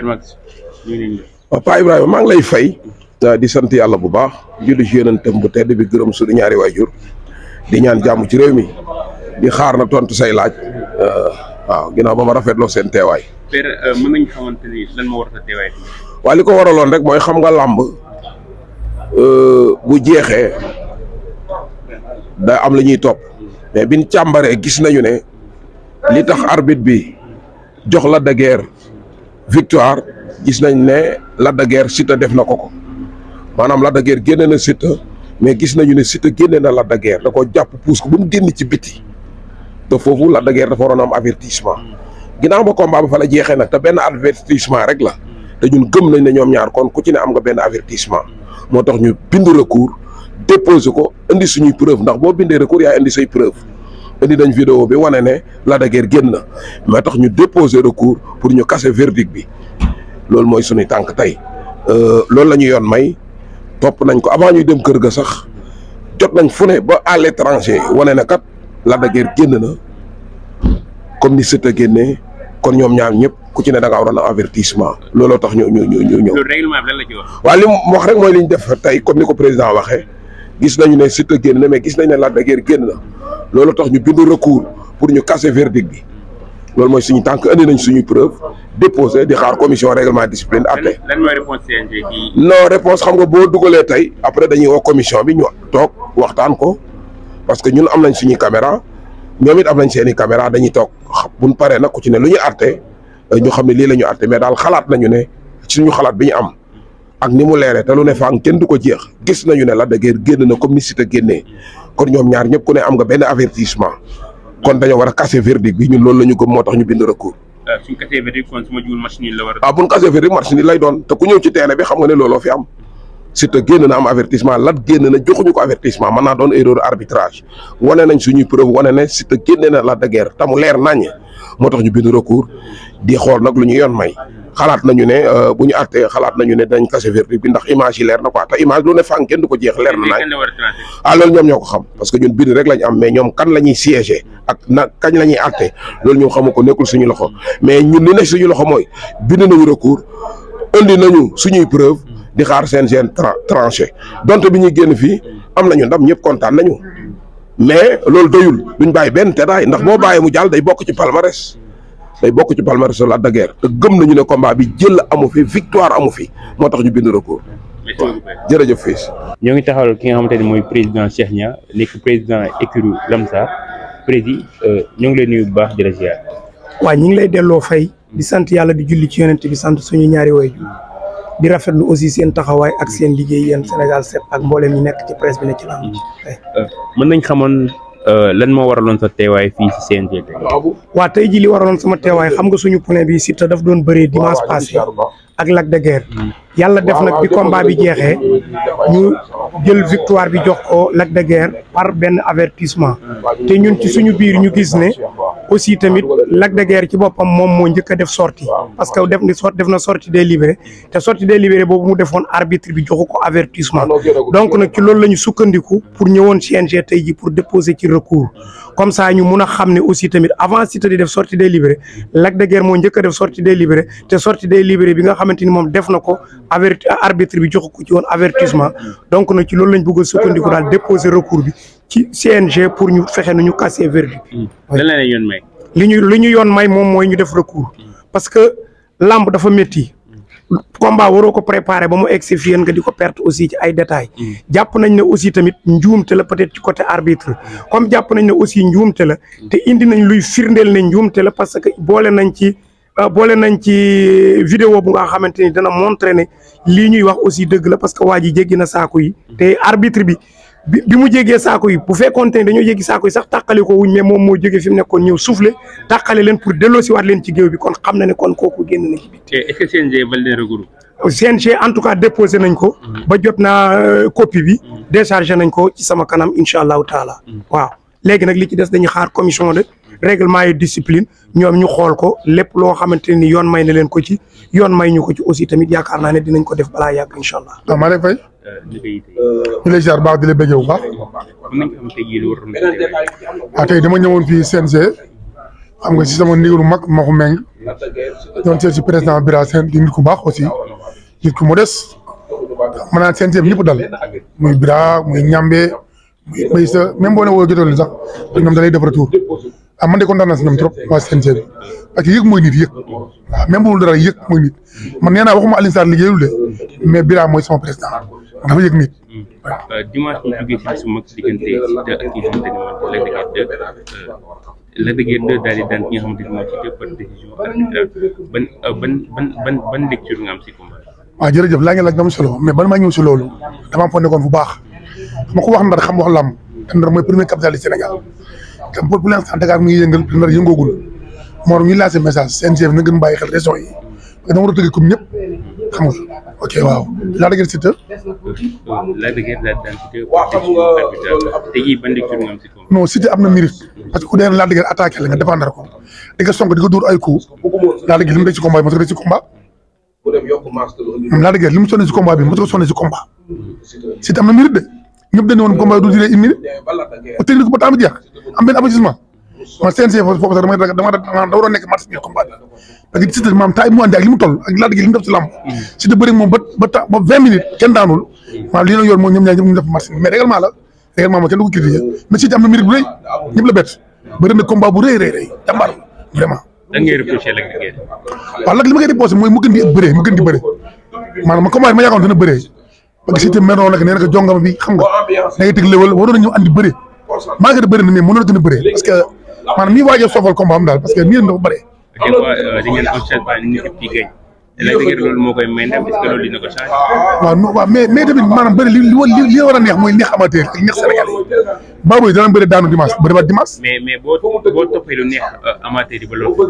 waaw Paa Ibrahima maa ngi lay fay di sant yàlla bu baax julli ci yonentam bu tedd bi gërëm suñu ñaari waajur di ñaan jàmm ci réew mi di xaar na tontu say laaj euh, waaw ginnaaw ba ma rafetloo seen teewaay. père euh, xamante ni lan moo war a li ko waraloon rek mooy xam nga làmb euh, bu jeexee da am la ñuy topp mais biñ càmbaree gis nañu ne li tax arbit bi. jox Lac de Guiers victoire gis nañ ne Lac de Guiers Siteu def na ko ko maanaam Lac de Guiers génne na Siteu mais gis nañu ne Siteu génne na Lac de Guiers da ko jàpp puus ko ba mu génn ci biti te foofu Lac de Guiers dafa waroon am avertissement ginnaaw ba combat ba fa la jeexee nag te benn avertissement rek la te ñun gëm nañ ne ñoom ñaar kon ku ci ne am nga benn avertissement moo tax ñu bind recours déposé ko indi suñuy preuve ndax boo bindee recours indi say preuve indi nañ vidéo bi wane ne Lac de génn na mais tax ñu déposer recours pour ñu casser verdict bi loolu mooy suñuy tànk tey euh, loolu la ñu yoon may topp nañ ko avant ñuy dem kër ga sax jot nañ fu ne ba à l'étranger wane na kat Lac de génn na comme ni Siteu génnee kon ñoom ñaar ñëpp ku ci ne da ngaa waroon a avertissement looloo tax ñu ñu ñu ñu ñëw. li mu wax rek mooy li def tey comme ni ko président waxee gis nañu ne Siteu génn na mais gis nañ ne Lac de Guiers génn na. loolu tax ñu bindu recours pour ñu casser verdict bi loolu mooy suñu tànk indi nañ suñu preuve déposé di xaar commission règlement discipline atte lan mooy réponse CNG bi non réponse xam nga boo dugalee tey après dañu oo commission bi ñu toog waxtaan ko parce que ñun am nañ suñuy caméra ñoom it am nañ seeni caméra dañuy toog buñ paree nag ku ci ne lu ñu atte ñu xam ne lii la ñu mais daal xalaat nañu ne suñu xalaat bi ñu am ak ni mu leeree te lu ne fang kenn du ko jeex gis nañu ne la da génn na comme génnee kon ñoom ñaar ñëpp ku ne am nga benn avertissement kon dañoo war a casser verdict bi ñun loolu la ñu gëm moo tax ñu bind recours. Euh, suñ casser verdict kon su ma juul match nii la a. ah buñ casser verdict lay doon te ku ñëw ci terrain bi xam nga ne looloo fi am surtout génn na am avertissement lat génn na joxuñu ko avertissement ma naa doon erreur arbitrage wane nañ suñuy preuve wane ne surtout génne na Lac de Guiers te mu leer naññe moo tax ñu bind recours di xool nag lu ñu yoon may. xalaat nañu ne euh, bu ñu àttee xalaat nañu ne dañ kase verdict bi ndax image leer na quoi te image lu ne fànk kenn du ko jeex leer na nañ ah loolu ñoom ñoo ko xam parce que ñun bind rek lañ am mais ñoom kan la ñuy siégé ak na kañ la ñuy àtte loolu ñoom xamu ko nekkul suñu loxo mais ñun li nekk suñu loxo mooy bind nañu recours indi nañu suñuy preuve di xaar seen seen tranché donte bi ñuy génn fii am nañu ndam ñëpp kontaan nañu mais loolu doyul duñ bàyyi benn teddaay ndax boo bàyyi mu jàll day bokk ci palmarès day bokk ci palmarès Lac de Guiers te gëm nañu ne combat bi jël amu fi victoire amu fi moo tax ñu bind recours. waaw jërëjëf Fils. ñoo ngi taxawal ki nga xamante ne mooy président Cheikh Nia nekk président écurie Lamsar président euh, ñoo ngi lay nuyu bu baax di la ziar. waaw ñu ngi lay delloo fay. di sant yàlla di julli ci yonent bi sant suñu ñaari waajur di rafetlu aussi seen taxawaay ak seen liggéey yéen Sénégal 7 ak mboolem ñi nekk ci presse bi ne ci làmb. Euh, mën nañ xamoon Euh, lan moo waraloon sa teewaay fii si seen tey. Ah, waa tey jii li waraloon sama teewaay xam nga suñu point bi Siteu daf doon bëree dimanche passé ak Lac de Guiers. Hmm. yàlla def nag bi combat bi jeexee ñu jël victoire bi jox ko Lac de Guiers par benn avertissement hmm. te ñun ci suñu biir ñu gis ne. aussi tamit Lac de Guiers ci boppam moom moo njëkk def sortie parce que def ni sort def na sortie délibérée te sortie délibérée boobu mu defoon arbitre bi joxu ko avertissement ah, donc nag ci loolu la ñu sukkandiku pour ñëwoon CNG tey ji pour déposer ci recours comme ça ñu mun a xam ne aussi tamit avant Siteu di def sortie délibérée Lac de Guiers moo njëkk a def sortie délibérée te sortie délibérée bi nga xamante ni moom def na ko averti arbitre bi joxu ko ci woon avertissement donc nag ci loolu lañ bëgg a sukkandiku daal déposer recours bi ci CNG pour ñu fexe nu ñu casser verdict bi. Hmm. lan la yoon may. li ñu li ñu yoon may moom mooy ñu def recours. Hmm. parce que làmb dafa métti. Hmm. combat waroo ko préparer ba mu egg si fii nga di ko perte aussi ci ay détails. jàpp nañ ne aussi tamit njuumte la peut-être ci côté arbitre. comme jàpp nañ ne aussi njuumte la. te indi nañ luy firndeel ne njuumte la parce que boole nañ ci. Euh, boole nañ ci vidéo bu nga xamante ni dana montré ne lii ñuy wax aussi dëgg la parce que waa ji jéggi na saako yi. te arbitre bi bi bi mu jégee saako yi bu fekkoon te ne dañoo jéggi saako yi sax tàqale ko wuñ mais moom moo jógee fi mu nekkoon ñëw soufflé tàqale leen pour delloosiwaat leen ci géew bi kon xam na ne kon kooku génn na ci bi. est-ce leen regroupe. CNG en tout cas déposé nañ ko. Mm-hmm. ba jot naa euh, copie bi. Mm-hmm. déchargé nañ ko ci sama kanam incha allahu taala. Mm-hmm. waaw léegi nag li ci des dañuy xaar commission de. règlement yi disipline ñoom ñu xool ko lépp loo xamante ni yoon may na leen ko ci yoon may ñu ko ci aussi tamit yaakaar naa ne dinañ ko def balaa yàgg incha allah. waaw ah, Malick Faye. ñu euh, lay ziar baax di la bëggee bu baax. ah tey dama ñëwoon fii CNG xam nga si sama ndigalu mag Maxu Meng doon seet président Bira Sène di ku baax aussi nit ku modeste maanaam CNG bi ñëpp dal muy Bira muy ñambe muy Mbay sa même boo ne woo jotoon sax ñoom da lay def retour. ah man de kontaan naa si ñoom trop waa CNG bi parce que yëg mooy nit yëg waaw même bu dul dara yëg mooy nit man nee waxuma Alioune Sarr liggéeyul mais Bira mooy sama président dafa yëg nit. dimanche ñu jógee si su diggante Siteu ak ki euh, de Guiers euh, euh, 2 ban ban ban ban ban si combat. waaw jërëjëf laa ngi laaj solo mais ban maa ñëw si loolu dama am fa nekkoon bu baax ma ko wax ndar xam wax lam te ndar mooy premier capital du Sénégal. te pour pour l'instant Dakar mi ngi yëngal te nar yëngoogul Mor ñu lancé message CNCF na gën bàyyi xel région yi parce que dama war a tëgg comme ñëpp xam nga ok waaw. Lac de Guiers am na mérite parce que ku dee Lac nga défendre ko di nga li mu def ci combat bi mos ko def ci combat. Lac mu sonné ci combat bi mos am na mérite de ñëpp dañu ne woon combat du duré une ba tëj ko ba temps bi am benn aboutissement man CNG foofu sax dama dama da war a nekk match bi combat bi parce que Siteu maam taay mu andi ak li mu toll ak laaj gi li mu def ci làmb Siteu bëri moom ba ba temps ba vingt minutes kenn daanul maanaam li ñu yor moom ñoom ñaar ñëpp ñu def match mais règlement la règlement moom kenn du ko critiquer mais Siteu am na mérite bu rëy ñëpp la bett bëri na combat bu rëy rëy rëy jàmbaar la vraiment. lan ngay reproché Lac de Guiers. waaw Lac li ma koy reproché mooy mu gën di bëree mu gën di bëree maanaam combat bi ma yaakaaroon dina bëree parce que Siteu meroon nag nee na ko jongama bi xam nga da ngay teg léwal waroon na ñëw andi bëree malgré bëri na mais mënoon gën a bëree parce que maanaam nii am daal moo koy may ndam est-ce que loolu dina ko changé. waaw non waaw mais mais a neex ba dimanche. mais mais boo boo toppee ba loolu.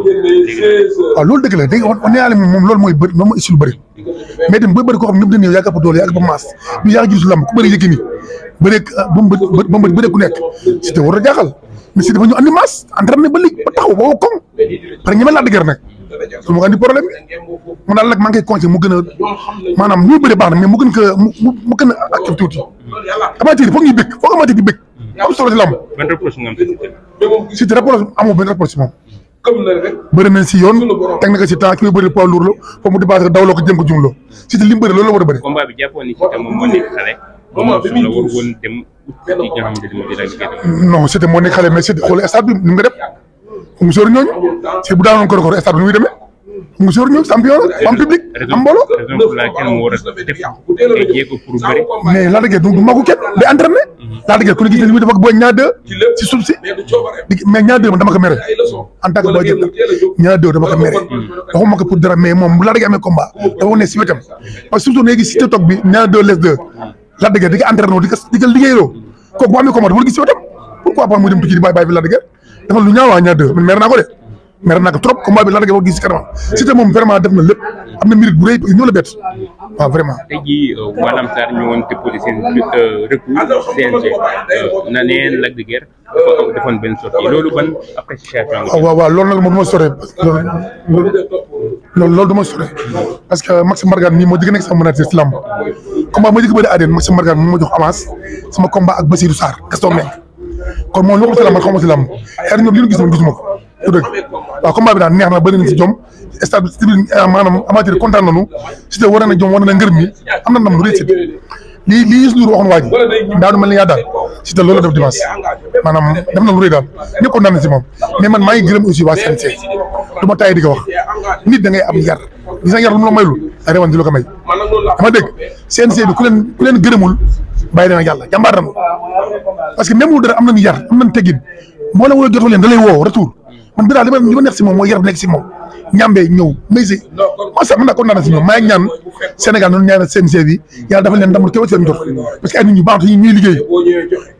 waaw loolu dëgg moom loolu mooy bëri moom mooy issue lu bëri xam ñëpp dañu ñëw yàgg a doole yàgg maas ñu yàgg lamb ku bëri yëg nii bëreeg euh, bu mu bë bëreeg ku nekk Siteu war a jaaxal mais Siteu dafa ñu andi masse entraîné ba léegi ba taxaw ba ko koŋ pare ñeme laa dëgër nag su ma problème bi mu daal nag maa ngi koy mu gën a maanaam ñu bëri baax na mais mu gën ko mu mu gën a actif tuuti amateur yi foog ñuy bëgg foog amateur di bëgg am solo si lamb. benn reproche nga si Siteu reproche amoo si yoon teg na ko si temps ki koy bëri poids lourd la foofu mu dépassé daw la ko jëm ko jumloo Siteu li mu bëri loolu war a comment bi muy war woon dem ci nga xamante ni moom di daal liggéey non c'était moo nekk xale mais c'est xool stade bi ni mu def mu sóor ñooñu si bu daanoon Koro Koro stade bi ni muy demee mu sóor ñooñu champion am public am mbooloo. raison pour laquelle mu war a def ay jéego pour bëri. mais Lac de Guiers du magu kenn day entraîné. Mhm. Lac de Guiers ku ne gis ne li muy def ak booy ñaar deux si suuf si mais ñaar deux dama ko mere en tant que booy jënd ñaar deux dama ko mere waxuma ko pour dara mais moom bu Lac de Guiers amee combat dafa ne si wetam parce que surtout léegi si TikTok bi ñaar deux les deux. Lac de Guiers di ko entraîné di ko ko liggéeyaloo kooku bu amee combat dafa la gis si wetam pourquoi pas muy dem tukki di bàyyi bàyyi fi Lac de Guiers dafa lu ñaaw waa ñaar deux de mer naa ko trop combat bi Lac de Guiers war gis si kanamam Siteu moom vraiment def na lépp am na mérite bu rëy parce la bett waaw vraiment. Euh, euh, euh, loolu ban appréciation. waaw ah, waaw waaw loolu ma sore loolu loolu dama sore parce que Maxime Mbargane nii moo jëkk nekk sama manager ci lamb combat ma jëkk bëri arène Maxime Mbargane moom ma jox avance sama combat ak Basirou Sarr Gaston Mbengue kon moom lu ko ci man xaw ma ci lamb xëy na ñoom li ñu gis man gisuma ko du dëgg daal ah, ni yaa daal na lu rëy man maa ngi aussi waa CNC du ma taay wax nit da ngay am yar gis nga yar lu mu la maylul ay rewan di la ko may ama dégg CNG bi ku leen ku leen gërëmul bàyyi leen ak yàlla jàmbaar nañu parce que même lu dara am nañu yar am nañu teggin moo la wooy jotu leen da lay woo retour man bi neex si moom mooy yar bi nekk si moom ñambee ñëw may si ma sax man naa ko naan si ñoom maa ngi ñaan Sénégal noonu ñaan CNG bi yàlla dafa leen ndamul kéwa seen jot parce que ay nit ñu baax ñuy liggéey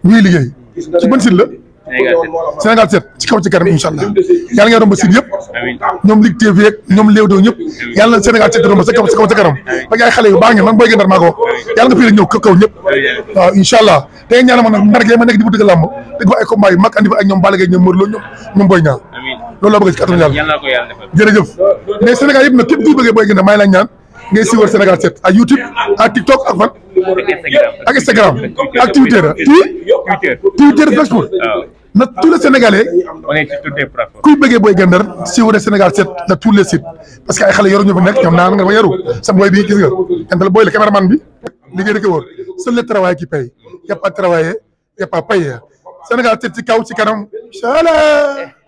ñuy liggéey ci bën sit la Sénégal 7 ci kaw ci kanam incha allah yàlla ngay romb sin yëpp ñoom Ligue TV ak ñoom Léewdoo ñëpp yàlla na Sénégal 7 romb sa kaw ci kaw xale yu baax ngeen man booy gëndar maa ko yàlla nga fii ñëw kaw ñëpp waaw allah te ngeen ñaanal nag ndar ma nekk di bu dëgg làmb te ay combat yu mag andi fa ak ñoom Balla ñoom Modou Lo ñoom ñoom Boy Niang loolu laa bëgg ci kàttanu yàlla jërëjëf mais Sénégal yëpp nag képp kuy bëggee booy gëndar maa ñaan na tous les sénégalais kuy bëggee booy gëndar siiwure Sénégal seet na tous les parce que ay xale yoru ñu fi nekk ñoom naan nga ma yaru sa booy bi gis nga kenn booy la caméraman bi liggéey da ko wóor seul le travail qui paye y a pas Sénégal seet ci kaw ci kanam inchallah